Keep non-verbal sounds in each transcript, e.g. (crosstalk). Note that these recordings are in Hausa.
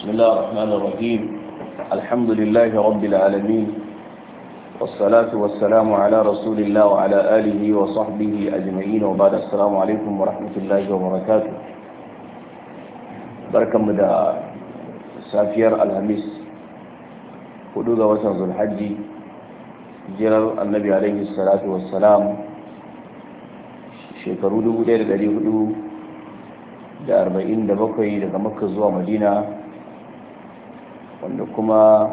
بسم الله الرحمن الرحيم الحمد لله رب العالمين والصلاة والسلام على رسول الله وعلى آله وصحبه أجمعين وبعد السلام عليكم ورحمة الله وبركاته بركة مدى سافير الهميس حدود وسن ذو الحج جرر النبي عليه الصلاة والسلام shekaru 1447 daga makka zuwa madina wanda kuma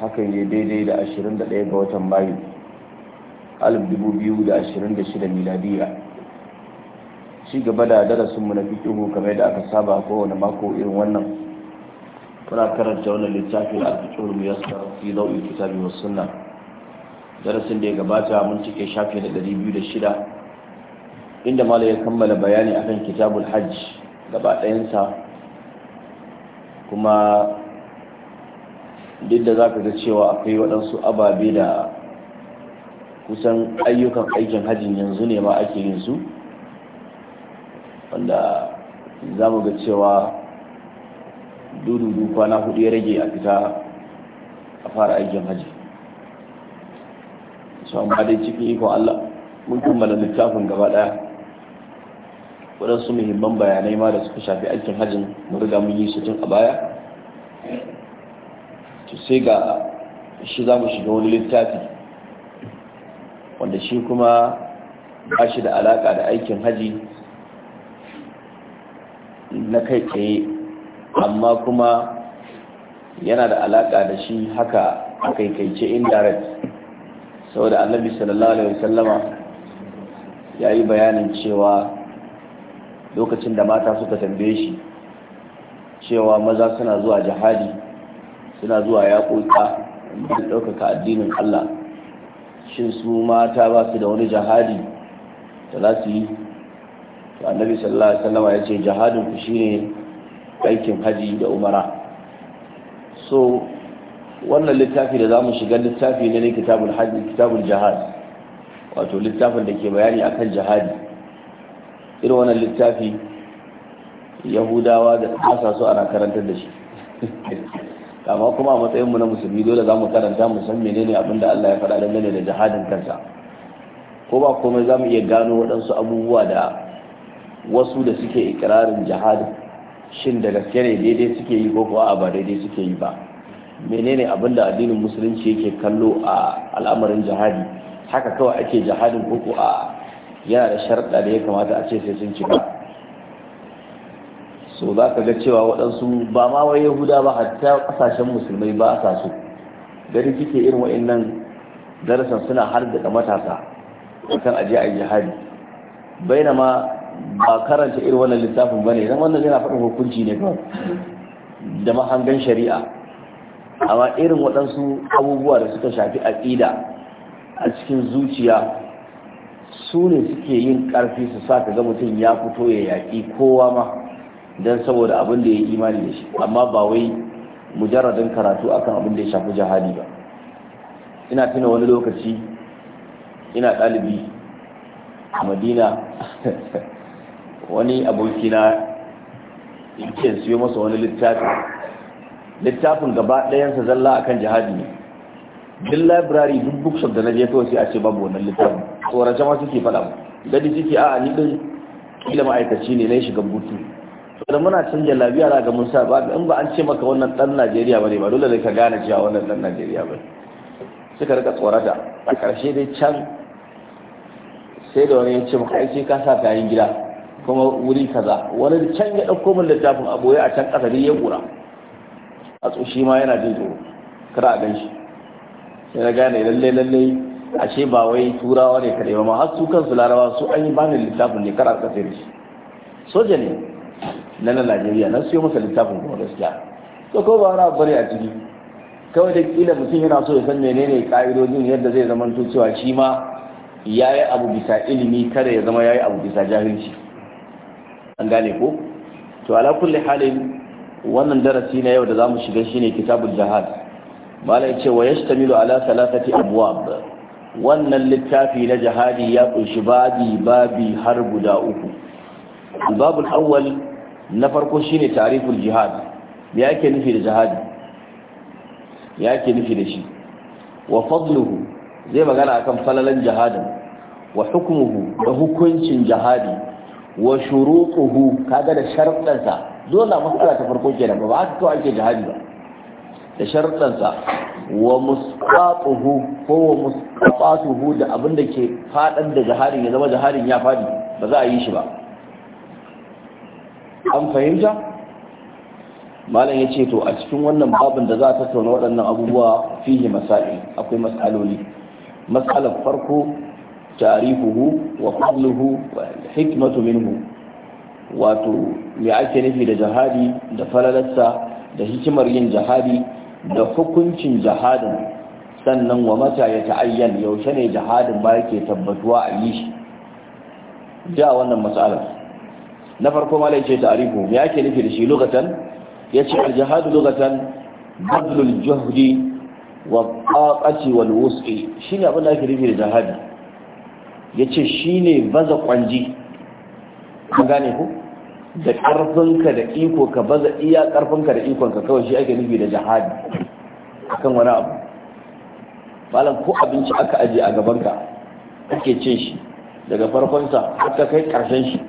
hakan ya daidai da 21 ga watan mayu 2026 miladiya ci gaba da darasinmu na hu kamar da aka saba kowane mako irin wannan muna karanta wannan littafi a hu ya yasa fi nau'i kitabi biyu suna darasin da ya gabata mun cike shafi na 206 inda malam ya kammala bayani akan kitabul hajji gaba ɗayansa kuma duk da za ka ga cewa akwai waɗansu ababe da kusan ayyukan aikin hajjin yanzu ne ma ake yin su wanda za mu ga cewa dudu kwana hudu ya rage a fita a fara aikin hajji su amma dai cikin ikon allah mun kammala littafin gaba ɗaya waɗansu muhimman bayanai ma da suka shafi aikin hajjin mun riga mun yi su tun a baya to sai ga shi za mu shiga wani littafi wanda shi kuma ba shi da alaka da aikin haji na kai tsaye amma kuma yana da alaka da shi haka a kaikaice indirect saboda annabi sallallahu alaihi wasallama ya yi bayanin cewa lokacin da mata suka tambaye shi cewa maza suna zuwa jihadi suna zuwa ya kuka da ɗaukaka addinin Allah shin su mata ba su da wani jihadi da za su yi to annabi sallallahu alaihi wasallam ya ce jihadin ku shine aikin haji da umara so wannan littafi da zamu shiga littafi ne ne kitabul haji kitabul jihad wato littafin da ke bayani akan jihadi irin wannan littafi yahudawa da kasa so ana karantar da shi (laughs) kama kuma a matsayin mu na musulmi dole za mu karanta mu san menene abin da Allah ya faɗa dangane da jihadin kansa ko ba komai za mu iya gano waɗansu abubuwa da wasu da suke ikirarin jihadin shin da gaske ne daidai suke yi ko kuwa ba daidai suke yi ba menene abin da addinin musulunci yake kallo a al'amarin jihadi haka kawai ake jihadin ko a yana da sharɗa da ya kamata a ce sai sun cika so za ka ga cewa waɗansu ba ma wai yahuda ba hatta ƙasashen musulmai ba a su gari kike irin wa'annan darasan suna har da matasa kan aje a bai na ma ba karanta irin wannan littafin ba ne wannan yana faɗin hukunci ne kawai da mahangan shari'a amma irin waɗansu abubuwa da suka shafi aƙida a cikin zuciya su ne suke yin ƙarfi su sa ka ga mutum ya fito ya yaƙi kowa ma dan saboda abin da ya yi imani da shi amma ba wai mujarradin karatu akan abin da ya shafi jihadi ba ina tuna wani lokaci ina ɗalibi a madina (laughs) wani abokina yake siyo masa wani littafi littafin gaba ɗayansa zalla akan jihadi ne din library duk bookshop da na je kawai sai a ce babu wannan littafin tsoron jama suke faɗa gadi suke A'a ni ɗin kila ma'aikaci ne na shiga butu da muna canja labiya da ga musa ba in ba an ce maka wannan dan najeriya ba ne ba dole da ka gane cewa wannan dan najeriya ba suka rika tsorata a ƙarshe dai can sai da wani ya ce maka aiki ka sa kayan gida kuma wuri kaza wani can ya dauko min littafin a boye a can ƙasa dai ya ƙura a tsoshi ma yana jin tsoro kada a gan shi sai na gane lalle lalle ashe ba wai turawa ne kare ba ma har su kansu larabawa su an yi bani littafin ne kada a kasance da shi soja ne na na Najeriya na siyo masa littafin kuma gaskiya to ko ba wani abu a ciki kawai da kila mutum yana so ya san menene ka'idojin yadda zai zama to cewa shi ma ya yi abu bisa ilimi kare ya zama ya yi abu bisa jahilci an gane ko to ala kulli halin wannan darasi na yau da zamu shiga shine kitabul jihad malai ce wa yashtamilu ala thalathati abwab wannan littafi na jihadi ya kunshi babi babi har guda uku babul awwal na farko shine tariful jihad ya ke nufi da jihadi ya ke nufi da shi wa fadluhu zai magana akan falalan jihadin wa hukmuhu da hukuncin jihadi wa shuruquhu kaga da sharuɗansa dole matsala ta farko kenan ba haka kawai ake jihadi ba da sharuɗansa wa musqatuhu ko wa musqatuhu da abin da ke fadan da jihadin ya zama jihadin ya fadi ba za a yi shi ba an fahimta malam ya ce to a cikin wannan babin da za a tattauna waɗannan abubuwa fihi masail akwai mas'aloli mas'alar farko tarihuhu wa fadluhu wa hikmatu minhu wato me ake nufi da jihadi da falalarsa da hikimar yin jihadi da hukuncin jihadin sannan wa mata ya ta'ayyan yaushe ne jihadin ba yake tabbatuwa a yi shi ja wannan matsalar na farko ma lai ce ta'arifu me yake nufi da shi lugatan yace al-jihad lugatan badlul juhdi wa taqati wal wus'i shine abin da ake nufi da jihad yace shine baza kwanji ka gane ku da karfinka da iko ka baza iya karfinka da ikonka kawai shi ake nufi da jihad akan wani abu malam ko abinci aka aje a gabanka kake cin shi daga farkonsa har ka kai karshen shi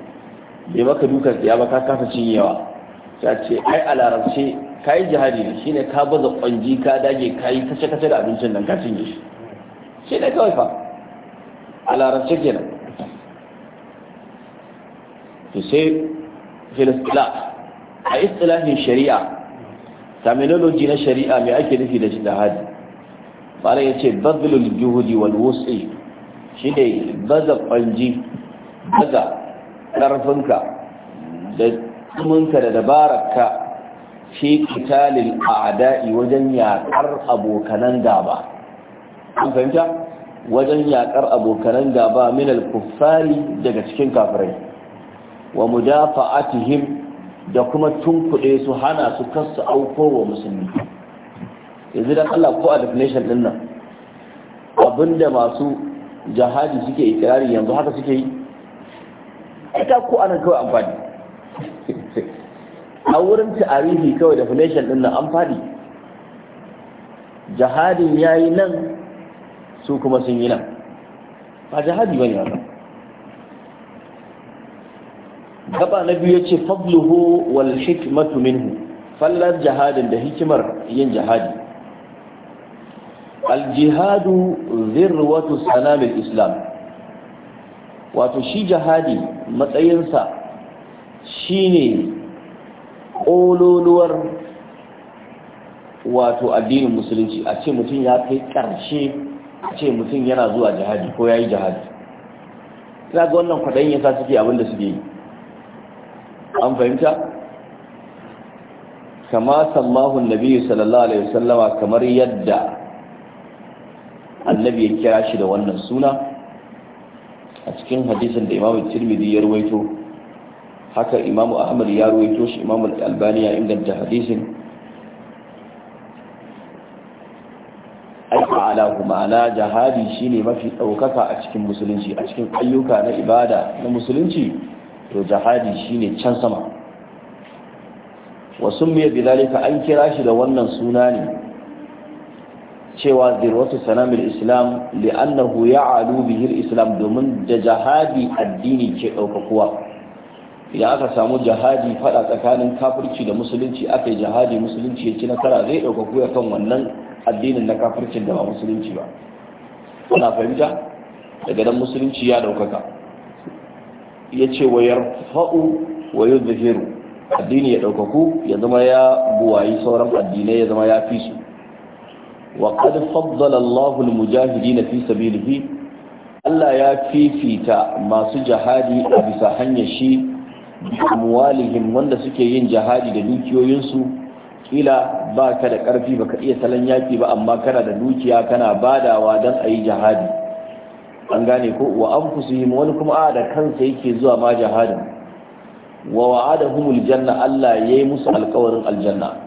bai maka dukan ya ba ka kasa yawa ta ce ai a larabce ka yi jihadi ne shine ka baza kwanji ka dage ka yi kace kace da abincin nan ka cinye shi shi ne kawai fa a larabce kenan to sai filistila a istilahin shari'a terminology na shari'a mai ake nufi da jihadi fara ya ce bazilul juhudi wal wusi shi ne baza kwanji baza ƙarfinka da tsuminka da dabararka fi a a'da'i wajen yaƙar abokanan gaba an fahimta wajen yaƙar abokanan gaba minal kuffari daga cikin kafirai wa mudafa'atihim da kuma tunkuɗe su hana su kasu auko wa musulmi yanzu dan Allah ko a definition din nan abinda masu jihadi suke ikirari yanzu haka suke yi ita ko ana kawai amfani a wurin ta'arihi kawai definition din nan an fadi jihadin ya yi nan su kuma sun yi nan ba jihadi ba gaba na biyu ya ce fadluhu wal hikmatu minhu fallar jihadin da hikimar yin jihadi Al aljihadu zirwatu sanamil islam wato shi jihadi matsayinsa shine ƙololuwar wato addinin musulunci a ce mutum ya kai ƙarshe a ce mutum yana zuwa jihadi ko ya yi jihadi za ga wannan kwaɗayin ya sa suke abinda da suke yi an fahimta kama sammahun nabi sallallahu alaihi wasallama kamar yadda annabi ya kira shi da wannan suna a cikin hadisin da imamu tirmidhi ya ruwaito, haka imamu ahmad ya ruwaito shi imamu albani ya inganta hadisin ala kuma ma'ana jihadi shine mafi ɗaukaka a cikin musulunci a cikin ayyuka na ibada na musulunci to jihadi shine can sama wasu mai bilalika an kira shi da wannan suna ne cewa zirwatu sanamil islam li'annahu ya'alu bihil islam domin da jihadi addini ke ɗaukakuwa idan aka samu jihadi fada tsakanin kafirci da musulunci aka yi jihadi musulunci ya ci nasara zai ɗaukaku ya kan wannan addinin na kafircin da ba musulunci ba kuna fahimta daga dan musulunci ya ɗaukaka ya ce wa fa'u wa yuzhiru addini ya ɗaukaku ya zama ya buwayi sauran addinai ya zama ya fi su وقد فضل الله المجاهدين في سبيله الله يا فيفيتا ما سو جهادي بسا hanyar shi muwalihim wanda suke yin jihadi da dukiyoyinsu. Ƙila, kila baka da karfi baka iya salan yaki ba amma kana da dukiya kana badawa dan ayi jihadi an gane ko wa anfusihim wani kuma a da kansa yake zuwa ma jihadin wa humul janna Allah ya yi musu alƙawarin aljanna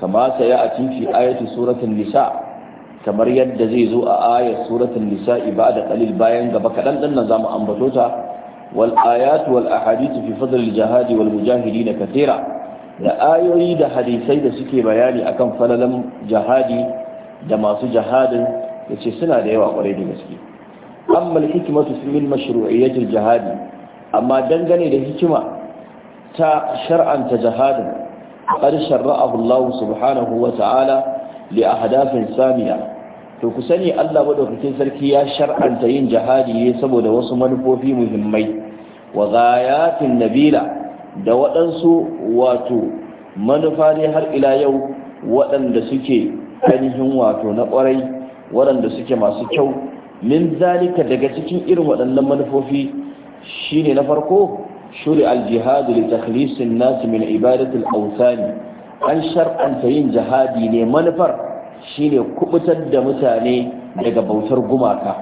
kama saya a cikin ayatu suratun nisa kamar yadda zai zo a ayar suratun nisa ibada qalil bayan gaba kadan din nan zamu ambato ta wal ayatu wal ahadithu fi fadl jahadi wal mujahidin kathira da ayoyi da hadisai da suke bayani akan falalan jihadi da masu jihadin yace suna da yawa kwarai da gaske amma al hikmatu fi min mashru'iyyati al amma dangane da hikima ta shar'anta jihadin qad sharra'ahu Allah subhanahu wata'ala li ahdafin samiya to ku sani Allah madaukakin sarki ya shar'anta yin jihadi ne saboda wasu manufofi muhimmai wa nabila da waɗansu wato manufa ne har ila yau waɗanda suke ainihin wato na ƙwarai waɗanda suke masu kyau min zalika daga cikin irin waɗannan manufofi shine na farko شرع الجهاد لتخليص الناس من عبادة الأوثان أن شرعا yin jihadi ne manufar كبتد متاني daga bautar gumaka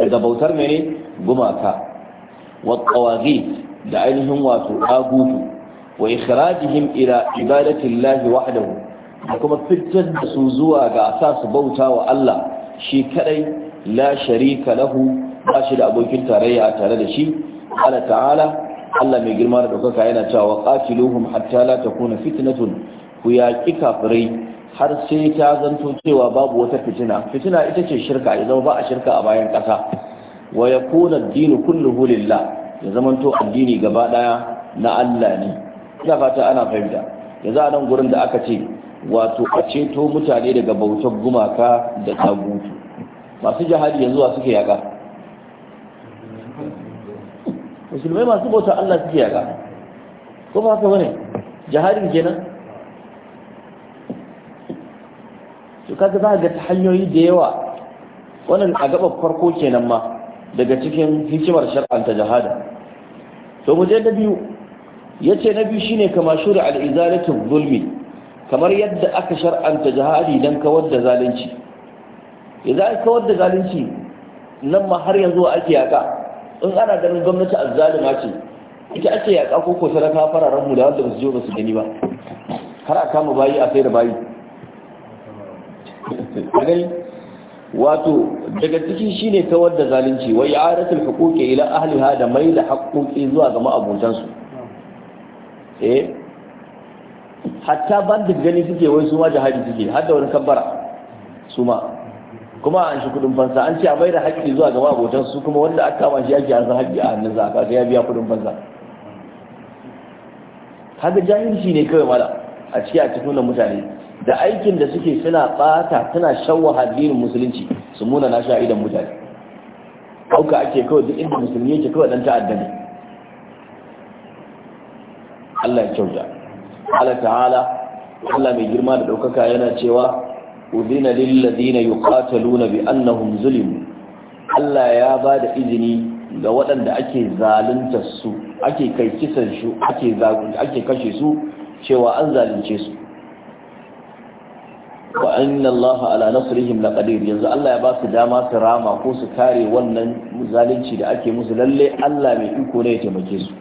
daga bautar mene gumaka wa qawagi da ainihin wato agutu wa ikhrajihim ila ibadati Allah wahdahu da kuma fitar da su zuwa ga a sa su bauta wa Allah shi kadai la sharika lahu ba shi da abokin tarayya tare da shi ala ta'ala Allah mai girma da ɗaukaka yana cewa qatiluhum hatta la takuna fitnatun ku yaqi har sai ta zanto cewa babu wata fitina fitina ita ce shirka ya zama ba a shirka a bayan ƙasa wa yakuna ad-dinu kulluhu lillah ya zamanto addini gaba daya na Allah ne ina fata ana fahimta yanzu a nan gurin da aka ce wato a ceto mutane daga bautar gumaka da tagutu masu jihadi yanzu wa suke yaka musulmai masu bauta Allah suke yaga ko ba haka bane jihadin kenan to kaga za ga ta hanyoyi da yawa wannan a gaba farko kenan ma daga cikin hikimar shar'anta jihada to mu je na biyu yace na biyu shine kama shuri al-izalatu zulmi kamar yadda aka shar'anta jihadi dan kawar da zalunci idan kawar da zalunci nan ma har yanzu ake yaka in ana ganin gwamnati zalima ce ita ake yaƙa ko ko sadaka fararen da wanda basu je su gani ba har a kama bayi a sai da bayi gani wato daga ciki shine kawar da zalunci wa i'adatul huquqi ila ahliha da mai da haƙƙoƙi zuwa ga ma'abuntan su eh hatta bandit gani suke wai su ma jahadi suke har da wani kabbara su ma kuma an shi kudin fansa an ce a bai da haƙƙi zuwa gaba abotan su kuma wanda aka kama shi ake an san haƙƙi a hannun sa kaga ya biya kudin fansa kaga jahilci ne kawai mala a ciki a cikin mutane da aikin da suke suna bata suna shawwa hadirin musulunci su muna na sha idan mutane kauka ake kawai duk inda musulmi yake kawai dan ta'adda ne Allah ya kyauta Allah ta'ala Allah mai girma da ɗaukaka yana cewa udina lilladina yuqataluna bi annahum zulimu Allah ya ba da izini ga waɗanda ake zalunta su ake kai kisan su ake ake kashe su cewa an zalunce su wa inna Allah ala nasrihim laqadir yanzu Allah ya ba su dama su rama ko su kare wannan zalunci da ake musu lalle Allah mai iko ne ya taimake su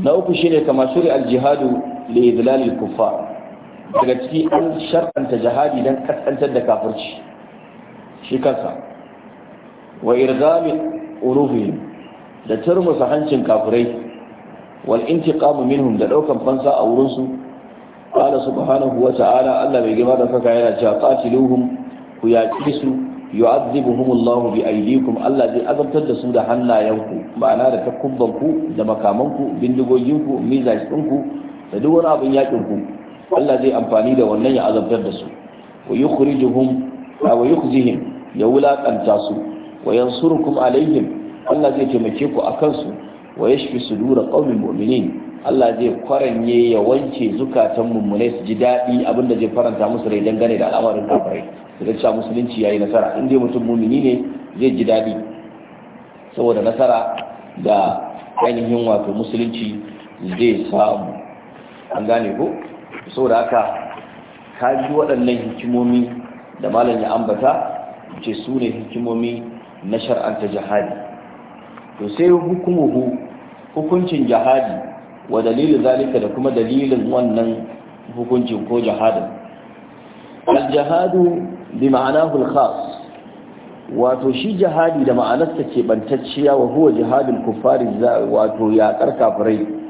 na uku shine kama shuri al-jihadu li idlal kuffar daga ciki an shar'anta jihadi don kaskantar da kafirci shi kansa wa irzami urufi da turmusa hancin kafirai wal intiqamu minhum da daukan fansa a wurin su qala subhanahu wa ta'ala Allah bai gima da saka yana cewa qatiluhum ku yaqi su yu'adhibuhum Allah bi aydikum Allah zai azabtar da su da hannayenku ma'ana da takubbanku da makamanku bindigoginku mizajinku da duk wani abin yakin ku Allah zai amfani da wannan ya azabtar da su wa yukhrijuhum wa yukhzihim ya wulakanta su wa yansurukum alaihim Allah zai taimake ku akan su wa yashfi sudura qaumin mu'minin Allah zai kwaranye ya wanke zukatan mummunai su ji daɗi abinda zai faranta musu rai dangane da al'amarin kafirai su ga musulunci yayi nasara in dai mutum mumini ne zai ji daɗi saboda nasara da ainihin wato musulunci zai samu an gane ko saboda haka ka ji waɗannan hikimomi da malam ya ambata ce su ne hikimomi na shar'anta jihadi to sai hukumuhu hukuncin jihadi wa dalilin zalika da kuma dalilin wannan hukuncin ko jihadin al-jihadu bi ma'anahu al wato shi jihadi da ma'anarsa ke bantacciya wa huwa jihadin kuffari wato yaƙar karkafurai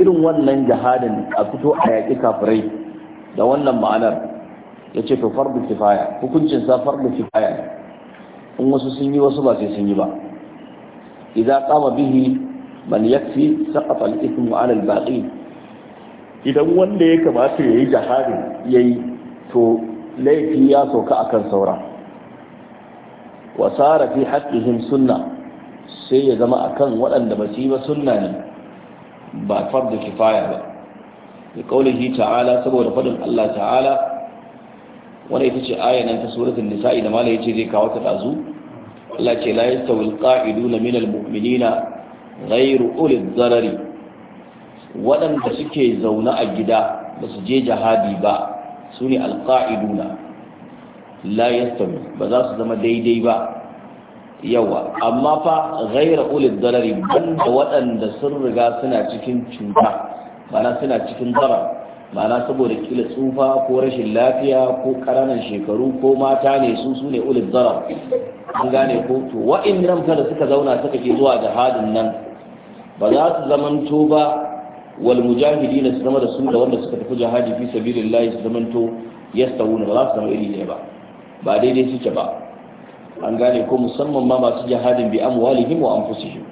irin wannan jihadin a fito a yaƙi kafirai da wannan ma'anar ya ce to fardu kifaya hukuncin sa fardu kifaya in wasu sun yi wasu ba sai sun yi ba idan kama bihi man yakfi saqata al-ithmu 'ala al-baqi idan wanda ya kamata yayi jihadin yayi to laifi ya sauka akan saura wa sara fi haqqihim sunna sai ya zama akan waɗanda ba su yi ba sunna ne ba fardu kifaya ba da kaulihi ta'ala saboda fadin Allah ta'ala wanda ita ce aya nan ta suratul nisa'i da malai yace zai kawo ta dazu Allah ce la yastawil qa'iduna minal mu'minina ghayru ulil zarari waɗanda suke zaune a gida ba su je jihadi ba su ne alƙa'iduna la yastawi ba za su zama daidai ba yawa amma fa ghaira ulil ban da waɗanda sun riga suna cikin cuta mana suna cikin zara mana saboda kila tsufa ko rashin lafiya ko ƙananan shekaru ko mata ne su su ne ulil an gane ko to nan fa da suka zauna suka ke zuwa jihadin nan ba za su zamanto ba wal mujahidina su zama da su da wanda suka tafi jihadi fi sabilillahi su zamanto yastawuna ba za su zama iri ne ba ba daidai suke ba an gane ko musamman ma masu jihadin bi amwalihim wa anfusihim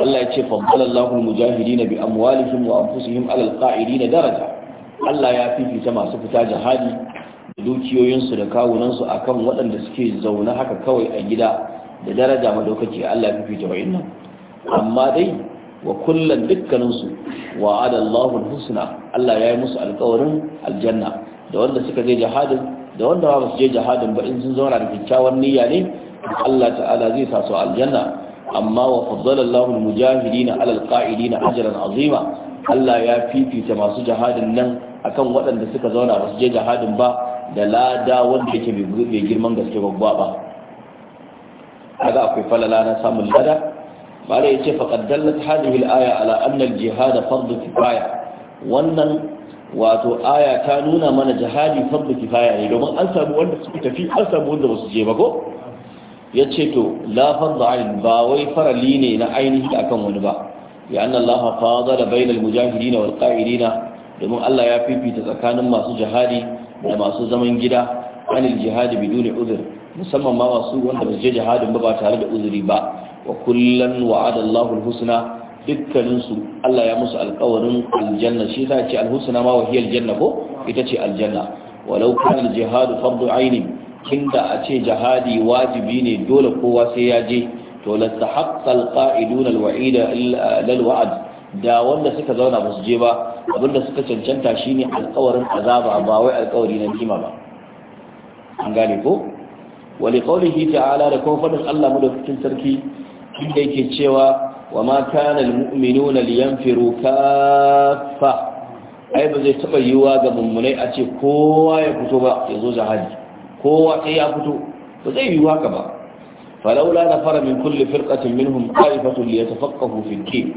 Allah ya ce faddala Allahu al-mujahidina bi amwalihim wa anfusihim ala al daraja Allah ya fifita masu fita jihadi da dukiyoyinsu da kawunansu akan waɗanda suke zaune haka kawai a gida da daraja madaukaki Allah ya fifita wa'annan amma dai wa kullum dukkaninsu wa husna Allah ya yi musu alƙawarin aljanna da wanda suka je jihadin da wanda ba su je jihadin ba in sun zauna da kyakkyawan niyya ne Allah ta'ala zai sa su aljanna amma wa faddala Allahu al-mujahidina 'ala al-qa'idina ajran 'azima Allah ya fifita masu jihadin nan akan waɗanda suka zauna ba su je jihadin ba da lada wanda yake bai girman gaske babba ba kaga akwai falala na samun lada bare yace faqad dallat hadhihi al-aya ala anna al-jihad fardu kifaya wannan wato aya ta nuna mana jihadi fardu kifaya ne domin an samu wanda suka tafi an samu wanda basu je ba ko ya ce to la fardu ba wai farali ne na ainihi akan wani ba ya anna Allah fadala bainal mujahidin wal qa'idin domin Allah ya fifita tsakanin masu jihadi da masu zaman gida anil jihadi ne uzur musamman ma masu wanda ba je jihadin ba ba tare da uzuri ba wa kullan wa'ada husna dukkaninsu Allah ya musu alkawarin aljanna shi ta ce alhusna ma wahiyar janna ko ita ce aljanna walau kana jihadu fardu aini inda a ce jihadi wajibi ne dole kowa sai ya je to lastahaqqa alqa'idun alwa'ida lilwa'd da wanda suka zauna ba su je ba abinda suka cancanta shine alkawarin azaba ba wai alkawari na kima ba an gane ko wali qawlihi ta'ala da kuma fadin Allah madaukakin sarki inda yake cewa وما كان المؤمنون لينفروا كافة ai ba zai taɓa yiwuwa ga mummunai a ce kowa ya fito ba ya zo jihadi kowa ɗaya ya fito ba zai yiwuwa ka ba falaula na fara min kulle firƙatin minhum ƙa'ifatun liya tafakkahu filke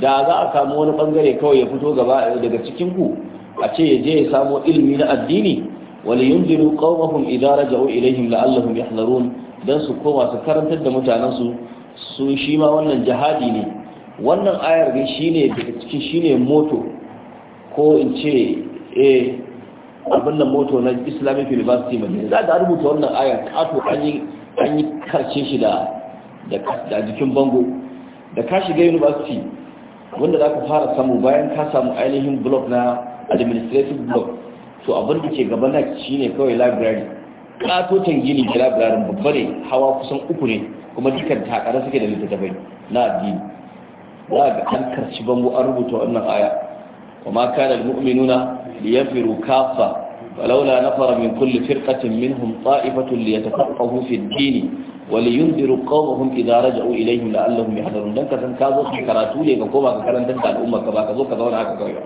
da za a samu wani ɓangare kawai ya fito gaba daga cikin ku a ce ya je ya samo ilimi na addini wali yunziru qaumahum idza raja'u ilaihim la'allahum yahdharun dan su koma su karantar da mutanensu? su shi ma wannan jihadi ne wannan ayar ne shi ne daga cikin ne moto ko in ce a eh, abin moto na Islamic University ne za da rubuta wannan ayar kato an yi an yi karce shi da jikin bango da ka shiga university wanda za ka fara samu bayan ka samu ainihin blog na administrative blog to abinda ke gaba na ne kawai library ƙatoton gini da babba ne hawa kusan uku ne kuma dukkan takara suke da littattafai na addini za ga an karci bango an rubuta wannan aya wa ma kana almu'minuna liyafiru kafa ولولا نفر من كل فرقة منهم طائفة ليتفقهوا في الدين ولينذروا قومهم إذا رجعوا إليهم لعلهم يحذرون ka zo كازو karatu ne ka koma ka karanta da al'umma ka ba ka zo ka zauna haka kawai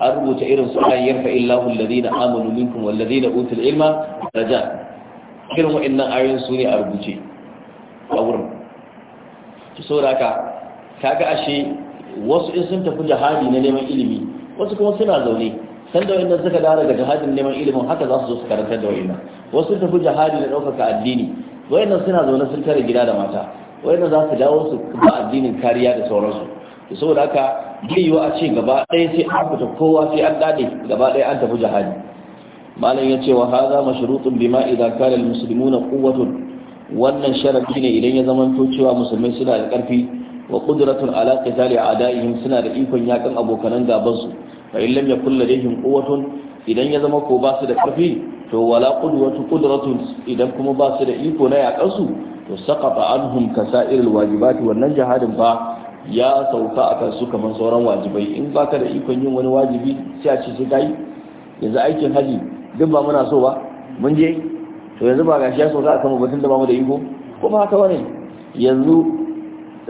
an rubuta irin su an yarfa illahu alladhina amanu minkum Ladina utul ilma raja irin wa'annan ayoyin su ne a rubuce a wurin ki ka kaga ashe wasu in sun tafi jihadi na neman ilimi wasu kuma suna zaune san da wanda suka dara daga jihadin neman ilimin haka za su zo su karanta da wayannan wasu tafi jihadi na ɗaukaka addini wayannan suna zaune sun tare gida da mata wayannan za su dawo su ba addinin kariya da sauransu so da ka bai wa a ce gaba ɗaya sai an fita kowa sai an daɗe gaba ɗaya an tafi jihadi malam ya ce wa haza mashrutun bima idza kana Musulmuna quwwatun wannan sharabi ne idan ya zama to cewa musulmai suna da karfi wa qudratun ala qitali a'daihim suna da ikon yakan abokanan gaban su fa in lam yakul yin quwwatun idan ya zama ko ba su da karfi to wala qudwatu qudratun idan kuma ba su da iko na yakan su to saqata anhum kasairil wajibati wannan jihadin ba ya sauka a kansu kamar sauran wajibai in baka da ikon yin wani wajibi sai a ce sai kai yanzu aikin haji duk ba muna so ba mun je to yanzu ba gashi ya so za a kama batun da ba mu da iko ko ba haka bane yanzu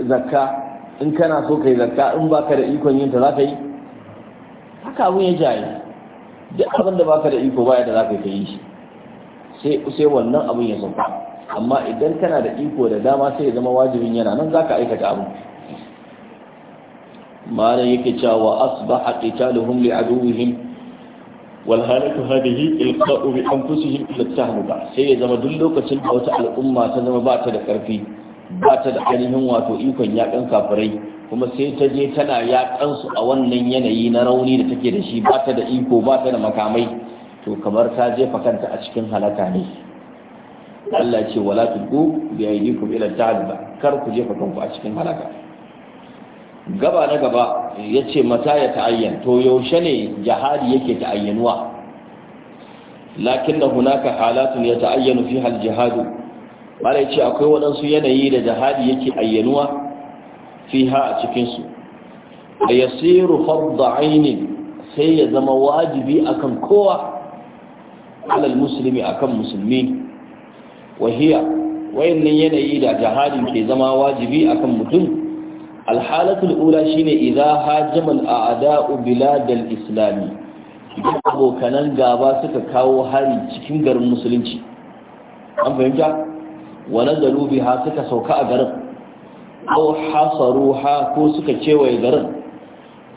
zakka in kana so kai zakka in ba ka da ikon yin ta za ka yi haka abun ya jaye duk abin da ka da iko ba da za ka yi shi sai sai wannan abun ya sauka amma idan kana da iko da dama sai ya zama wajibin yana nan za ka aikata abin ma'ana yake cewa asbaha qitaluhum li aduwwihim wal halatu ilqa'u bi anfusihim ila tahluka sai ya zama duk lokacin da wata al'umma ta zama ba ta da karfi ba ta da ainihin wato ikon yakan kafirai kuma sai ta je tana yakan su a wannan yanayi na rauni da take da shi ba ta da iko ba ta da makamai to kamar ta jefa kanta a cikin halaka ne Allah ce wala tuqu bi aydikum ila kar ku jefa kanku a cikin halaka gaba na gaba ya ce mata ya ta'ayyan to yaushe ne jihadi yake ta'ayyanuwa lakin hunaka halatun ya ta'ayyanu fi hal jihadu akwai wadansu yanayi da jihadi yake ayyanuwa fiha a cikin su a yasiru fadda sai ya zama wajibi akan kowa alal musulmi akan musulmi wahiya wayannan yanayi da jihadin ke zama wajibi akan mutum alhalatul ula shine idza hajamal a'da'u biladal islami idan abokanan gaba suka kawo hari cikin garin musulunci an fahimta wa suka sauka a garin aw hasaruha ko suka kewaye garin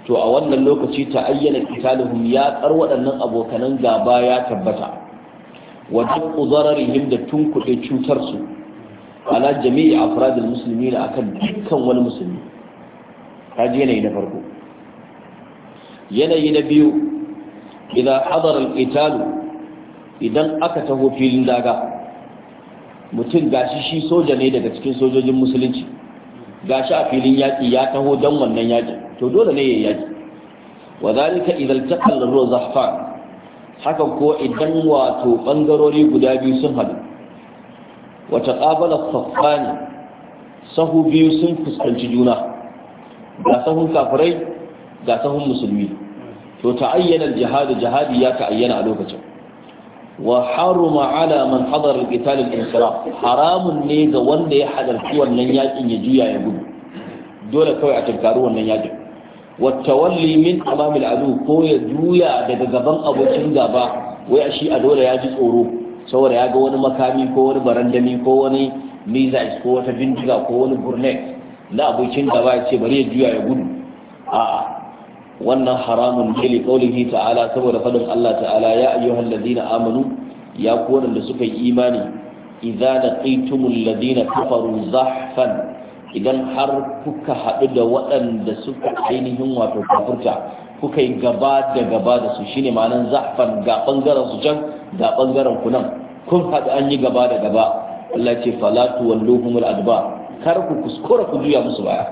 to a wannan lokaci ta ayyana kitaluhum ya tsar waɗannan abokanan gaba ya tabbata wa tuqu zararihim da tunkuɗe cutar su ala jami'i afradil muslimin akan dukkan wani musulmi ka yanayi na farko yanayi na biyu idan hadar alƙitalu idan aka taho filin daga mutum gashi shi soja ne daga cikin sojojin musulunci gashi a filin yaƙi ya taho don wannan yaƙi to dole ne ya yaƙi wa zalika idan taqal ruwa zahfan haka ko idan wato bangarori guda biyu sun haɗu. wa taqabala saffani sahu biyu sun fuskanci juna ga sahun kafirai ga sahun musulmi to ta'ayyana jihada jihadi ya ta'ayyana a lokacin wa haruma ala man hadar al haramun ne ga wanda ya halarci wannan yakin ya juya ya gudu dole kawai a tunkari wannan yakin والتولي min امام العدو ko ya juya daga gaban abokin gaba wai shi a dole ya ji tsoro saboda ya ga wani makami ko wani barandami ko wani mizaj ko wata bindiga ko wani burnet na abokin gaba ya ce bari ya juya ya gudu a wannan haramun ne li ta'ala saboda fadin Allah ta'ala ya ayyuhan ladina amanu ya ku da suka yi imani idza laqitumul ladina kafaru zahfan idan har kuka haɗu da waɗanda suka ainihin wato kafurta kuka yi gaba da gaba da su shine ma'anan zahfan ga bangaren su can ga bangaren ku nan kun haɗu an yi gaba da gaba Allah ce fala tuwalluhumul adbar kar ku kuskura ku juya musu baya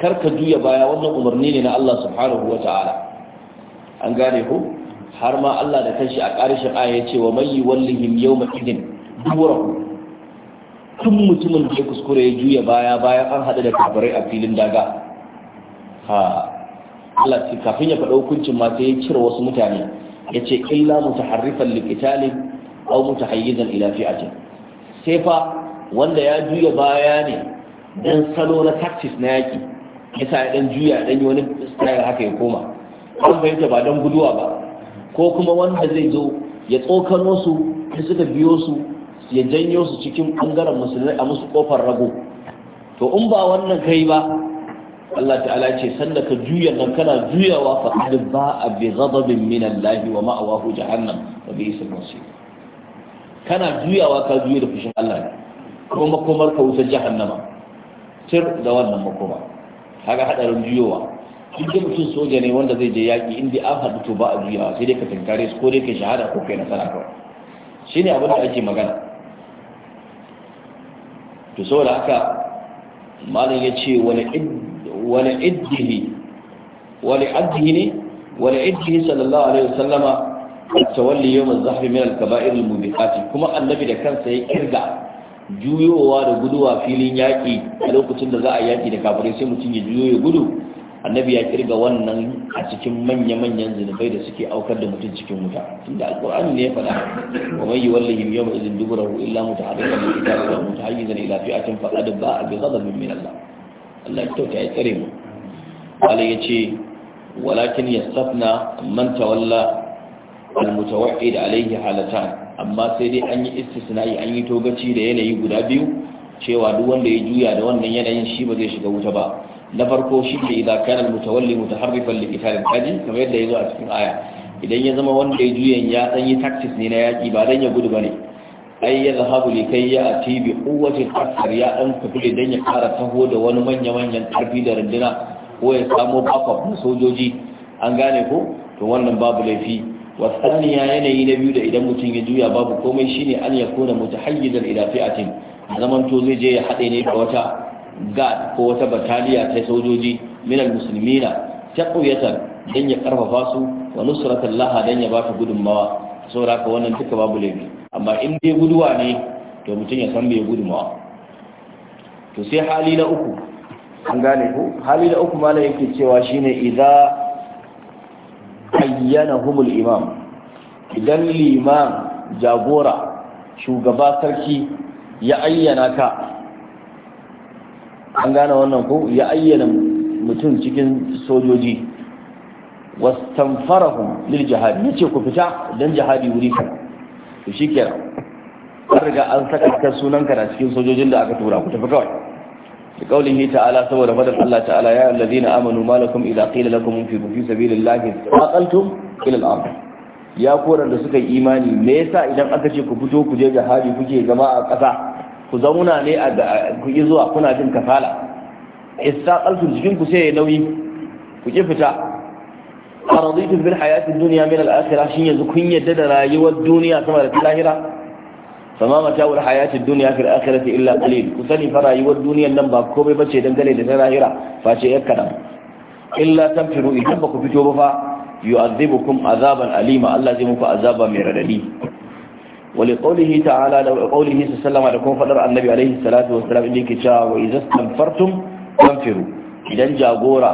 kar ka juya baya wannan umarni ne na Allah subhanahu wa ta'ala an gane ku har ma Allah da kanshi a ƙarshen aya ce wa mai wallihim yawma idin duburahu tun mutumin da ya kuskure ya juya baya bayan an haɗu da kafirai a filin daga ha Allah ki kafin ya faɗa hukuncin ma sai ya cire wasu mutane ya ce illa mutaharrifan liqitalin aw mutahayyizan ila fi'atin sai fa wanda ya juya baya ne dan salo na tactics na yaki yasa ya dan juya dan yi wani style haka ya koma an fahimta ba dan guduwa ba ko kuma wanda zai zo ya tsokano su ya suka biyo su ya janyo su cikin bangaren musulmai a musu kofar rago to in ba wannan kai ba Allah ta'ala ce sanda ka juya nan kana juyawa fa qad ba'a bi ghadabin min Allah wa ma'awahu jahannam wa bi'sal masir kana juyawa ka juya da fushin Allah ne kuma makomar ka wutar jahannama sir da wannan makoma kaga hadarin juyowa in da mutum soja ne wanda zai je yaƙi inda an haɗu to ba a juyawa sai dai ka tunkare su ko dai ka shahada ko kai nasara kawai ne abin da ake magana to saboda haka malam ya ce wani iddihi wani addihi ne wani iddihi sallallahu alaihi wasallama tawalli yawm az-zahri min al-kaba'ir al-mubiqati kuma annabi da kansa ya kirga juyowa da guduwa filin yaƙi a lokacin da za a yaƙi da kafirai sai mutum ya juyo ya gudu annabi ya kirga wannan a cikin manya-manyan zunubai da suke aukar da mutum cikin wuta tunda alkur'ani ne ya faɗa wa mai yuwallihim izin dubura duburahu illa mutaharrifan da qital wa mutahayyizan ila da ba a bi zaɓa min Allah Allah ya tauta ya tsare mu wala ya ce walakin yastafna man tawalla al mutawahhid alayhi halatan amma sai dai an yi istisna'i an yi togaci da yanayi guda biyu cewa duk wanda ya juya da wannan yanayin shi ba zai shiga wuta ba na farko shi ne idan kana mutawalli mutaharrifan li qitalin kaji kamar yadda yazo a cikin aya idan ya zama wanda ya juya ya dan yi tactics ne na yaki ba dan ya gudu bane ai ya zahabu li kai ya ati bi quwwati al-qasr ya dan tafi dan ya fara taho da wani manya manyan karfi da runduna ko ya samu backup na sojoji an gane ko to wannan babu laifi wasaniya yanayi na biyu da idan mutum ya juya babu komai shine an ya kona mutahayyizan ila fi'atin zaman to zai je ya haɗe ne da wata gad ko wata bataliya ta sojoji minal muslimina taqwiyatan dan ya karfafa su wa nusratan laha dan ya ba ta gudunmawa saboda ka wannan duka babu laifi amma in dai guduwa ne to mutum ya san bai gudunmawa to sai hali na uku an gane ko hali na uku malai yake cewa shine idza humul imam idan liman jagora shugaba sarki ya ayyana ka an gane wannan ko ya ayyana mutum cikin sojoji wastanfarahum lil jihadi yace ku fita dan jihadi wuri ka to shikenan an riga an saka ka sunanka da cikin sojojin da aka tura ku tafi kawai da ta'ala saboda fadar Allah ta'ala ya allazina amanu malakum idza qila lakum infiru fi sabilillahi aqaltum ila al ya koran da suka yi imani me yasa idan aka ce ku fito ku je jihadi kuke zama a ƙasa ku zauna ne a ku yi zuwa kuna jin kasala istaqaltum jikin ku sai nauyi ku ki fita araditu bil hayati dunya min al-akhirah shin yanzu kun yadda da rayuwar duniya sama da lahira fama mata'ul hayatid dunya fil akhirati illa qalil ku sani fa rayuwar duniyar nan ba komai bace dangane da ta lahira face yar kadan illa tanfiru idan ba ku fito ba fa yu'adhibukum azaban alima Allah zai muku azaba mai radadi ولقوله تعالى لقوله صلى الله عليه وسلم فدر النبي عليه الصلاه والسلام انك جاء واذا استنفرتم تنفروا idan jagora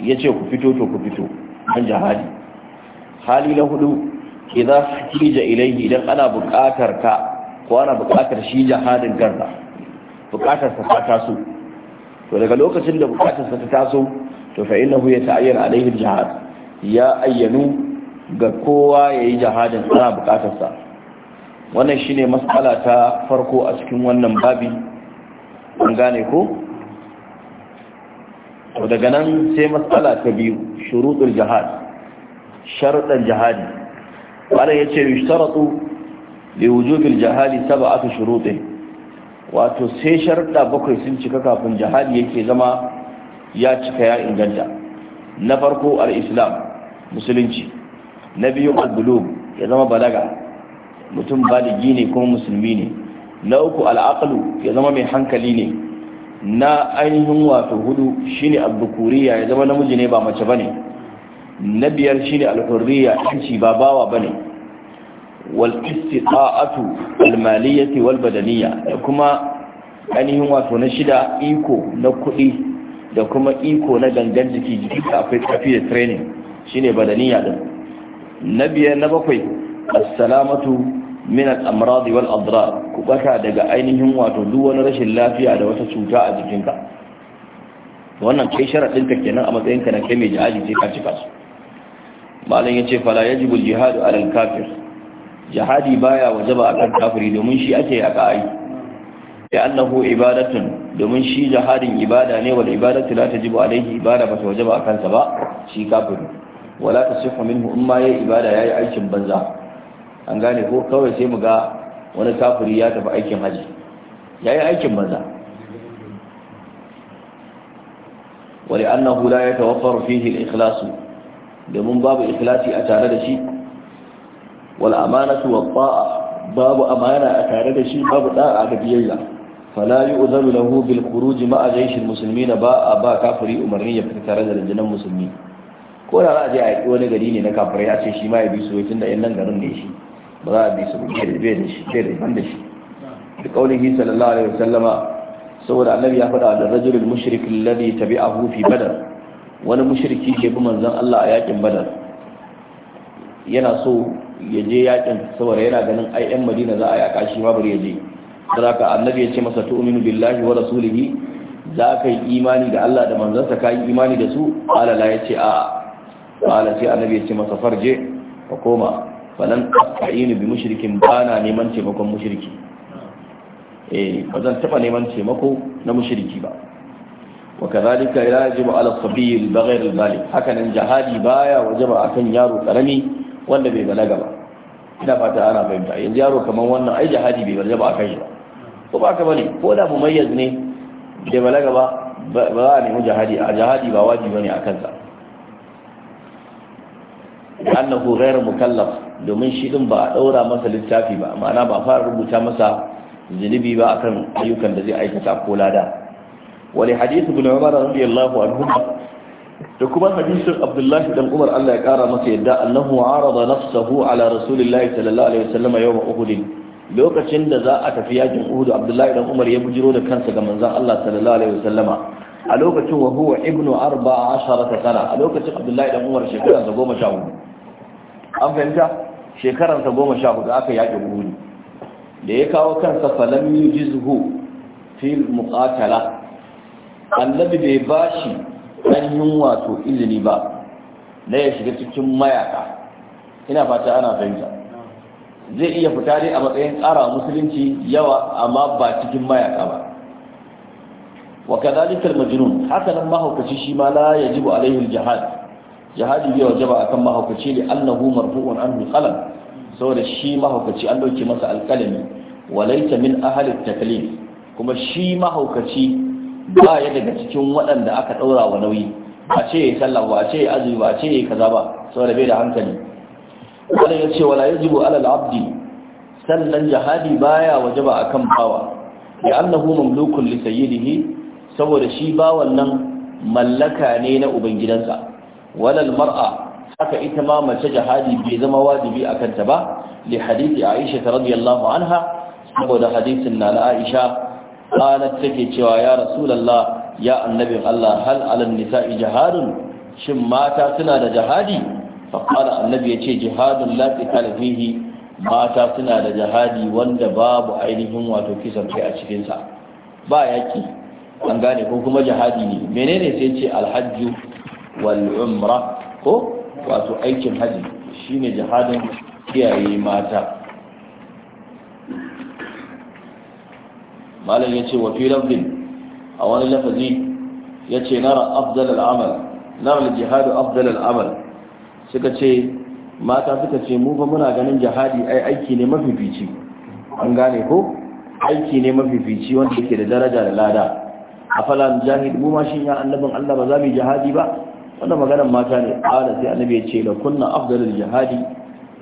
yace ku fito to ku fito dan jihadi hali na hudu idza hija ilayhi idan ana buƙatar ka ko ana buƙatar shi jihadin garda buƙatar sa ta taso to daga lokacin da buƙatar sa ta taso to fa innahu yata'ayyar alaihi jihad ya ayyanu ga kowa yayi jihadin ana buƙatar sa wannan shine mas'ala ta farko a cikin wannan babi an gane ko to daga nan sai masala ta biyu shuruɗul jihad sharuɗan jihadi wanda ya ce yushtaratu jihadi jahali sab'atu shuruɗe. wato sai sharuɗa bakwai sun cika kafin jihadi yake zama ya cika ya inganta na farko al-islam musulunci na biyu al-bulugh ya zama balaga mutum baligi ne kuma musulmi ne na uku al-aqlu ya zama mai hankali ne na ainihin wato hudu shine al ya zama namiji ne ba mace bane na biyar shine al-hurriya ba bawa bane wal istita'atu al maliyati da kuma ainihin wato na shida iko na kuɗi da kuma iko na gangan jiki jiki akwai tafi da training shine badaniya ɗin. na biyar na bakwai assalamatu min al-amrad wal Ku kubata daga ainihin wato duk wani rashin lafiya da wata cuta a jikinka wannan kai sharadin ka kenan a matsayinka na kai mai jihadi sai ka cika su malam fala yajibu al-jihad al-kafir jihadi baya wajaba akan kafiri domin shi ake a ka'i ya annahu ibadatun domin shi jihadin ibada ne wal ibadatu la tajibu alaihi ibada ba ta wajaba akan sa ba shi kafiri wala tasihhu minhu umma ya ibada yayi aikin banza an gane ko kawai sai mu ga wani kafiri ya tafi aikin haji yayi aikin banza wali annahu la yatawaffaru fihi al-ikhlasu domin babu ikhlasi a tare da shi wal amanatu wa ta'a babu amana a tare da shi babu da'a da biyayya fala yu'zanu lahu bil khuruj ma'a jayshin muslimina ba a ba kafiri umarni ya fita tare da rundunar musulmi ko da za a je a yi wani gari ne na kafirai a ce shi ma ya bi su tunda yan nan garin ne shi ba za a bi su ba da bai da shi bai da ban da shi da kaulihi sallallahu alaihi wasallama saboda annabi ya faɗa da rajulul mushrik alladhi tabi'ahu fi badar wani mushriki ke bi manzon Allah a yakin badar yana so ya je yakin saboda yana ganin ai yan madina za a yaka shi ma bari ya je saboda annabi ya ce masa tu'minu billahi wa rasulihi za ka yi imani da Allah da manzansa ka yi imani da su qala la ce a qala sai annabi ya ce masa farje ka koma falan ta'inu bi mushrikin bana neman taimakon mushriki eh ba zan taba neman taimako na mushriki ba وكذلك لا يجب على الصبي بغير ذلك hakanan jihadi baya wajaba akan yaro karami wanda bai balaga ba ina fata ana fahimta yanzu yaro kamar wannan ai jihadi bai balaga ba a kai ba ko ba ka bane ko da mumayyaz ne bai balaga ba ba za a nemi jihadi a jihadi ba wajibi bane a kansa annahu ghayr mukallaf domin shi din ba a daura masa littafi ba ma'ana ba fara rubuta masa zunubi ba akan ayyukan da zai aikata ko lada wali hadith ibn umar radiyallahu anhu da kuma hadisin abdullahi dan umar allah ya kara masa yadda annahu arada nafsahu ala rasulillahi sallallahu alaihi wasallam yawm uhud lokacin da za a tafi yakin uhud abdullahi dan umar ya bujiro da kansa ga manzon allah sallallahu alaihi wasallama a lokacin wa huwa ibnu 14 sana a lokacin abdullahi dan umar shekaran sa 14 an fahimta shekaran sa 14 aka yaki uhud da ya kawo kansa falam yujizhu fil muqatala annabi bai bashi ainihin wato izini ba na ya shiga cikin mayaka ina fata ana fahimta zai iya fita dai a matsayin ƙara musulunci yawa amma ba cikin mayaka ba wa kadhalika majnun haka nan mahaukaci shi ma la yajibu alaihi Jihad, jihad jihadi bai wajaba akan mahaukaci li annahu marfu'un anhu qalam saboda shi mahaukaci an dauke masa alƙalami walaita min ahli at-taklif kuma shi mahaukaci ba ya daga cikin waɗanda aka ɗaura wa nauyi a ce ya sallah ce ya azumi ba ce ya kaza ba da bai da hankali wani ya ce wala yajibu alal abdi sannan jihadi baya a kan bawa ya annahu mamlukun li sayyidihi saboda shi bawan nan mallaka ne na ubangidansa walal mar'a haka ita ma mace jihadi bai zama wajibi a kanta ba li hadisi aisha radiyallahu anha saboda hadisin na na aisha qalat take cewa ya rasulullah ya annabin Allah hal alal nisa'i jihadun shin mata suna da jihadi fa qala annabi yace jihadun la qitala fihi mata suna da jihadi wanda babu ainihin wato kisan kai a cikin sa ba yaki an gane ko kuma jihadi ne menene sai ce alhajju wal umra ko wato aikin haji shine jihadin kiyaye mata malam yace wa fi lafzin a wani lafazi yace nara afdal al-amal nara al-jihad afdal al-amal suka ce mata suka ce mu fa muna ganin jihadi ai aiki ne mafifici an gane ko aiki ne mafifici wanda yake da daraja da lada afalan jahid mu ma shi ya annabin Allah ba za mu jihadi ba wannan maganar mata ne ala sai annabi ya ce la kunna afdalul jihadi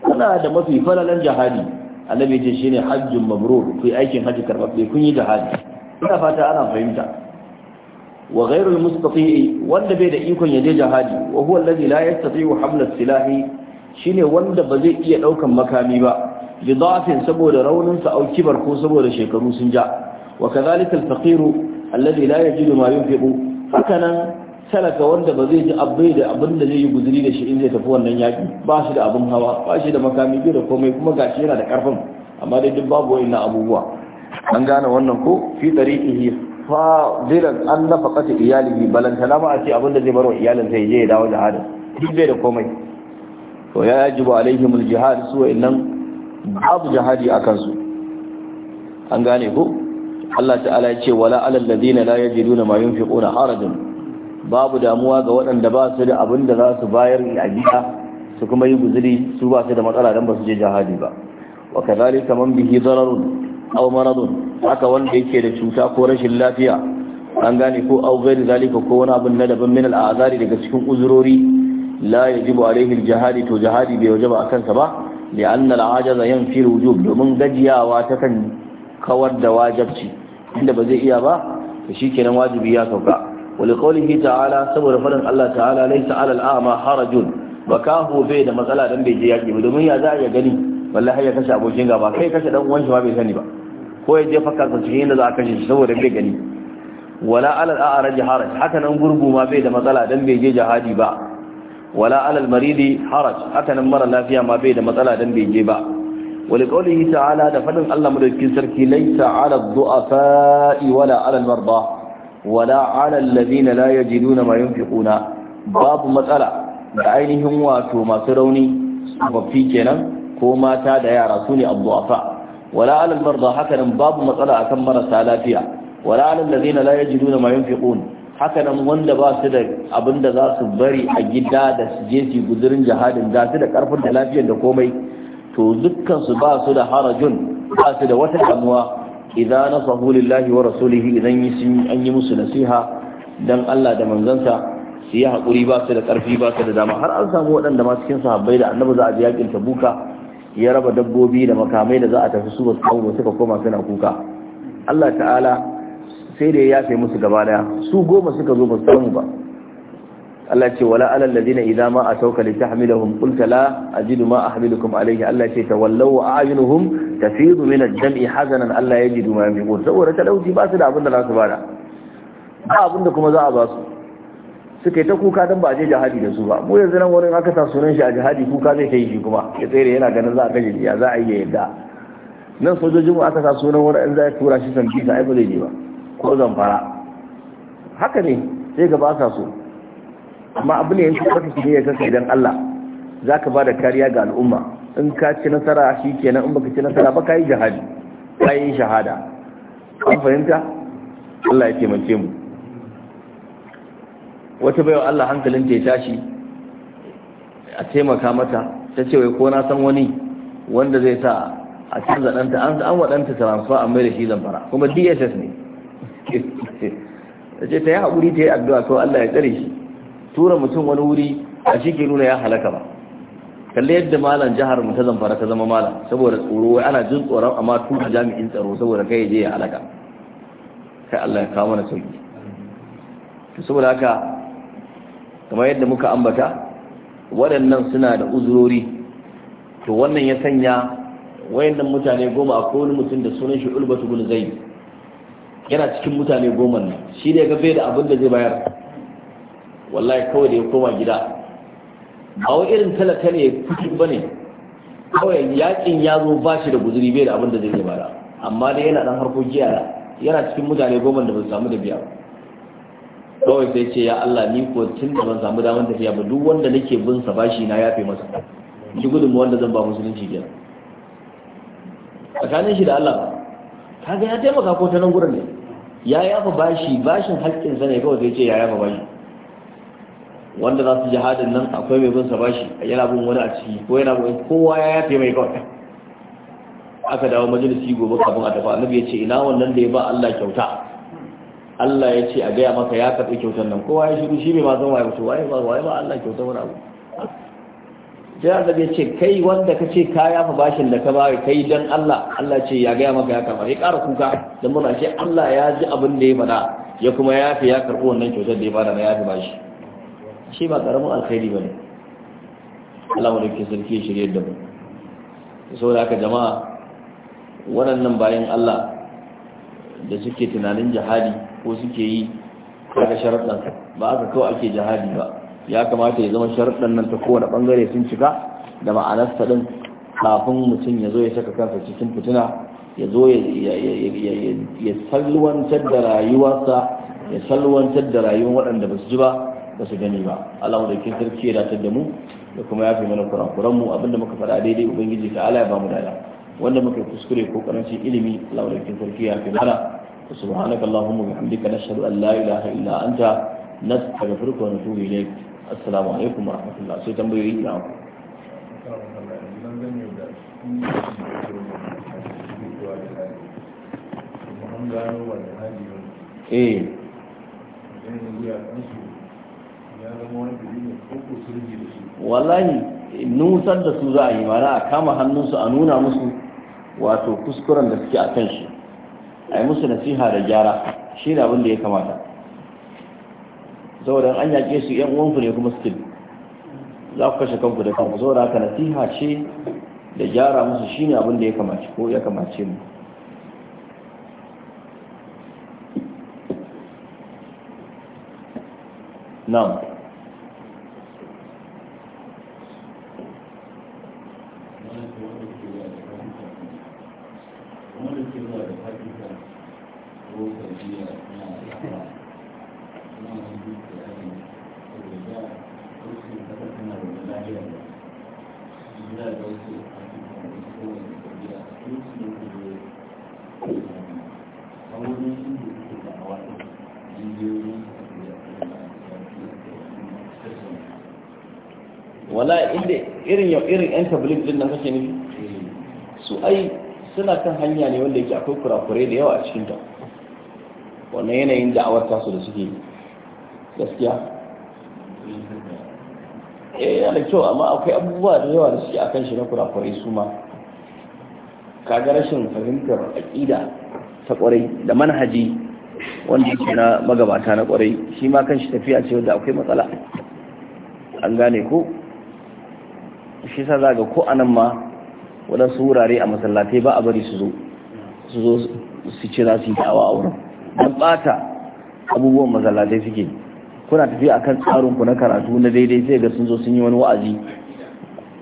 kuna da mafi falalan jihadi annabi ce shine hajjun mabrur fi aikin haji karbabbe kun yi jihadi ina fata ana fahimta wa ghayrul mustati'i wanda bai da ikon ya je jihadi wa huwa alladhi la yastati'u hamla silahi shine wanda ba zai iya daukan makami ba bi da'afin saboda raunin sa au kibar ko saboda shekaru sun ja wa kadhalika al-faqir alladhi la yajidu ma yunfiqu hakanan talaka wanda ba zai ji abai da abin da zai yi guzuri da shi in zai tafi wannan yaƙi ba shi da abin hawa ba shi da makami biyu da komai kuma gashi yana da ƙarfin amma dai duk babu na abubuwa an gane wannan ko fi tsari ihi fa diran an nafaqata iyalihi balantana ma a ce abin da zai bar wa iyalin sai je ya dawo jihadin duk bai da komai to ya yajibu mul jihad su wa'annan babu jihadi akan su an gane ko Allah ta'ala ya ce wala alal ladina la yajiduna ma yunfiquna harajan babu damuwa ga waɗanda ba su da abin da za su bayar a gida su kuma yi guziri su ba su da matsala don ba su je jihadi ba wa kazalika man bihi zararun aw maradun haka wanda yake da cuta ko rashin lafiya an gane ko aw ghairi zalika ko wani abin na daban min azari daga cikin uzurori la yajibu alaihi al-jihadi to jihadi bai wajaba akan sa ba li'anna al-ajaza yanfi al-wujub domin gajiyawa ta kan kawar da wajibci inda ba zai iya ba to shikenan wajibi ya sauka ولقوله تعالى سبب فرن الله تعالى ليس على الأعمى حرج makaho bai da matsala dan bai je yaki ba domin ya za ya gani wallahi ya kashe abokin gaba kai kashe dan uwan shi ba ba ko ya je fakar sa cikin da za a kashe shi saboda bai gani wala alal a'raj haraj haka nan gurgu ma bai da matsala dan bai je jihadi ba wala alal maridi haraj haka nan mara lafiya ma bai da matsala dan bai je ba wal qawlihi ta'ala da fadin Allah madaukakin sarki laisa ala du'afa wala ala al-marda wala ala alladhina la yajiduna ma yunfiquna babu matsala da ainihin wato masu rauni mafi kenan ko mata da yara su ne abdu'afa wala alal almarda hakanan babu matsala akan marasa lafiya wala ala alladhina la yajiduna ma yunfiqun hakanan wanda ba su da abinda za su bari a gida da su je su guzurin jihadin da su da karfin da lafiyar da komai to dukkan su ba su da harajun ba su da wata damuwa Idan na lillahi wa rasulihi idan yi an yi musu nasiha dan Allah da manzanta su yi haƙuri ba su da ƙarfi ba su da dama har an samu waɗanda ma cikin sahabbai da annabi za a je yakin tabuka ya raba dabbobi da makamai da za a tafi su ba su kawo suka koma suna kuka Allah ta'ala sai da ya yafe musu gaba daya su goma suka zo ba su samu ba Allah ce wala alal ladina idza ma atawka litahmilahum qulta la ajidu ma ahmilukum alayhi Allah ce tawallaw a'yunuhum tafidu min ad-dam'i hazanan Allah yajidu ma yamliqun saboda talauci ba su da abin da za su bada ba abin da kuma za a ba su suka yi ta kuka dan ba a je jihadi da su ba mu yanzu nan wurin aka sa sunan shi a jihadi kuka zai kai shi kuma ya tsere yana ganin za a kashe ya za a yi yadda nan sojojin mu aka sa sunan wurin in za a tura shi san bisa ai ba zai je ba ko zan fara haka ne sai ga ba sa so amma abu ne yanzu kwata shi ne ya kasa idan Allah za ka ba da kariya ga al'umma in ka ci nasara shi kenan in baka ci nasara ba ka yi jihadi ka yi shahada an fahimta Allah ya taimake mu wata baiwa Allah hankalin ta ya tashi a taimaka mata ta ce wai ko na san wani wanda zai sa a canza zaɗanta an an waɗanta transfer a mai da shi zamfara kuma DSS ne (laughs) ta ce ta yi haƙuri ta yi addu'a to Allah ya tsare shi tura mutum wani wuri a shi ke nuna ya halaka ba kalli yadda malam jihar mu ta zamfara ta zama malam saboda tsoro wai ana jin tsoron amma tura jami'in tsaro saboda kai je ya halaka kai Allah ya kawo mana sauki to saboda haka kamar yadda muka ambata waɗannan suna da uzurori to wannan ya sanya wayannan mutane goma a kowane mutum da sunan shi ulbatu bin zai yana cikin mutane goma ne shi ne ga bai da abin da zai bayar wallahi kawai da ya koma gida a wani irin talaka ne kuɗi ba ne kawai yakin ya zo ba shi da guzuri bai da abin da zai yi bara amma dai yana dan harko giyara yana cikin mutane goma da ba su samu da biya kawai sai ce ya Allah ni ko tun da ban samu damar tafiya ba duk wanda nake bin sa bashi na yafe masa shi gudun wanda zan ba musulunci biyar tsakanin shi da Allah kaga ya taimaka ko ta nan gurin ne ya yafa bashi bashin haƙƙin sa ne kawai sai ce ya yafa bashi wanda za su jihadin nan akwai mai bunsa bashi yana bin wani a ciki ko yana bin kowa ya yafe mai kawai aka dawo majalisi gobe kafin a tafi annabi ya ce ina wannan da ya ba Allah kyauta Allah ya ce a gaya maka ya karɓi kyautar nan kowa ya shiru shi ne ma san waye mutu waye ba waye ba Allah kyautar wani abu sai annabi ya ce kai wanda ka ce ka yafa bashin da ka bawa kai dan Allah Allah ce ya gaya maka ya karɓa ya ƙara kuka dan muna ce Allah ya ji abin da ya faɗa ya kuma yafe ya karɓi wannan kyautar da ya bada na yafe bashi shi ba karamin alkhairi ba ne mu ke sarki shirye da mu saboda haka jama'a waɗannan bayan Allah da suke tunanin jihadi ko suke yi kaga sharaɗan ba aka kawai ake jihadi ba ya kamata ya zama sharaɗan nan ta kowane ɓangare sun cika da ma'anarsa ɗin kafin mutum ya zo ya saka kansa cikin fituna ya zo ya salwantar da rayuwarsa ya salwantar da rayuwar waɗanda ba su ji ba ba su gani ba Allah da ke sarki ya datar da mu da kuma fi mana kurakuran mu abinda muka faɗa daidai ubangiji ta Allah ya mu dala wanda muka kuskure ko karanci ilimi Allah da ke sarki ya fi mana subhanaka allahumma bihamdika nashhadu an la ilaha illa anta nastaghfiruka wa natubu ilayk assalamu alaikum wa rahmatullah sai tambayoyi da ku eh wallahi nusar da su za a yi mana a kama hannunsu a nuna musu wato kuskuren da suke a kan shi a yi musu nasiha da gyara shi ne abin da ya kamata saboda an yaƙe su yan uwanku ne kuma suke za ku kashe kanku da kanku saboda haka nasiha ce da gyara musu shi ne abin da ya kamace ko ya kamace mu na'am irin yau irin yan tablet din nan kake nufi su ai suna kan hanya ne wanda yake akwai kurakurai da yawa a cikin ta wannan yanayin da'awar tasu da suke gaskiya eh yana da kyau amma akwai abubuwa da yawa da suke akan shi na kurakurai su ma kaga rashin fahimtar aƙida ta ƙwarai da manhaji wanda yake na magabata na ƙwarai shi ma kan shi tafiya ce wanda akwai matsala an gane ko shi sa za ga ko a nan ma waɗansu wurare a masallatai ba a bari su zo su zo su ce za su yi dawa a wurin don ɓata abubuwan masallatai suke kuna tafiya a kan tsarinku na karatu na daidai sai ga sun zo sun yi wani wa'azi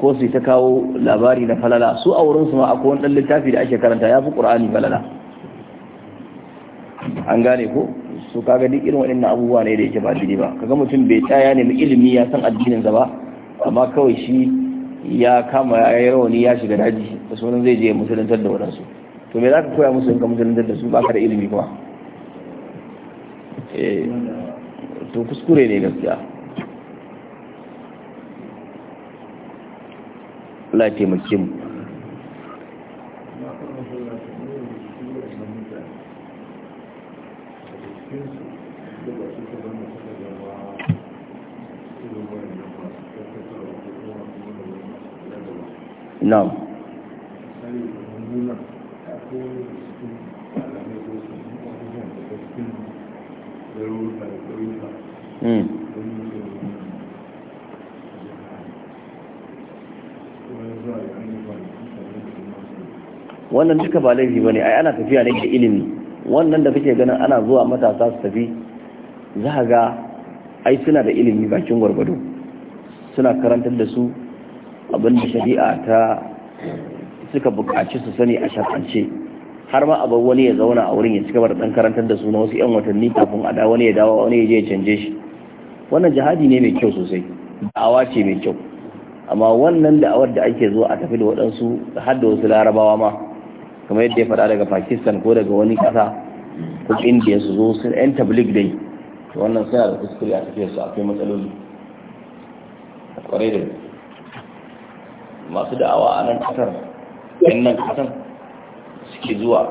ko su yi ta kawo labari na falala su a wurin su ma akwai wani ɗan littafi da ake karanta ya fi ƙur'ani falala an gane ko su kaga duk irin waɗannan abubuwa ne da yake ba jini ba kaga mutum bai tsaya ne mu ilimi ya san addinin sa ba amma kawai shi ya kama ya yi rawani ya shiga daji da sunan zai je musuluntar da wadansu to me za ka koya musu ka da su ba ka da ilimi kuma eh, to kuskure ne gaskiya Allah ya taimake mu نعم hmm. wannan duka ba laifi ba ne ai ana tafiya ne da ilimi wannan da kake ganin ana zuwa matasa su tafi za ga ai suna da ilimi bakin gwargwado suna karantar da su abinda shari'a ta suka buƙaci su sani a shafance har ma abin wani ya zauna a wurin ya ci gaba da ɗan karantar da su na wasu 'yan watanni kafin a da wani ya dawo wani ya je ya canje shi wannan jihadi ne mai kyau sosai da'awa ce mai kyau amma wannan da'awar da ake zuwa a tafi da waɗansu har da wasu larabawa ma kamar yadda ya faɗa daga pakistan ko daga wani ƙasa ko indiya su zo sun yan tablik dai wannan suna da kuskure a tafiyarsu akwai matsaloli kwarai da masu da'awa a nan kasar yan nan kasar suke zuwa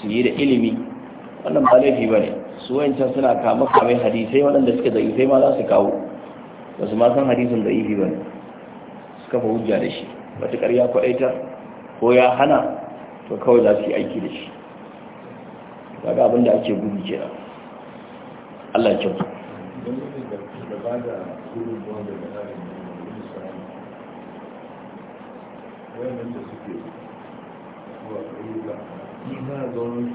su yi da ilimi wannan ba laifi ba ne su wancan suna kama kamai hadisai waɗanda suke zai sai ma za su kawo ba su ma san hadisin da ifi ba ne suka kafa hujja da shi matuƙar ya kwaɗaita ko ya hana to kawai za su yi aiki da shi ga abin da ake gudu ke nan Allah ya kyau. wayannan da suke zuwa ƙauyuka ni ba a zaunin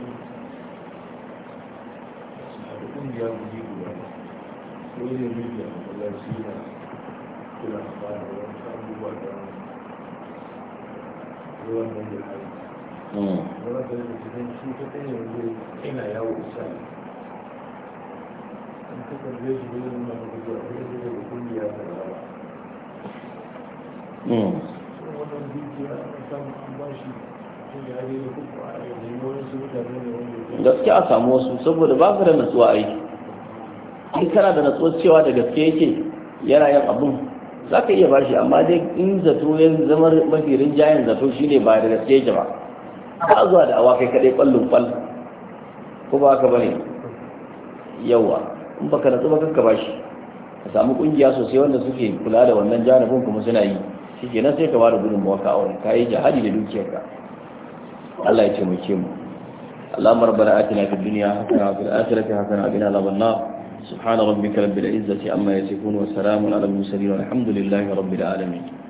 su suna da ƙungiya guji guda dole ne da matsalaci na kula a fara wani abubuwa da ruwan nan da hari hmm. wani da da cikin shi ta ɗaya yanzu ina yawo isa an ta karbe shi wajen nan da kuma ƙungiya da rawa hmm. yawan dukiya a samu an gaske a samu wasu saboda ba ka da natsuwa aiki in kana da natsuwa cewa da gaske yake yana yin abin za ka iya bashi amma dai in zato ya zama mafi rinjayen zato shine ba da gaske yake ba ba zuwa da awa kai kaɗai kwallon kwal ko ba ka bane yawa in baka natsu ba kanka bashi ka samu ƙungiya sosai wanda suke kula da wannan janabin kuma suna yi shike nan sai ka bada gudun ba ka aure kai jahali da dukiyar ka Allah ya taimake mu Allah marbana atina fid dunya hasana wa fil akhirati hasana wa qina adhaban nar subhana rabbika rabbil izzati amma yasifun wa salamun alal mursalin walhamdulillahi rabbil alamin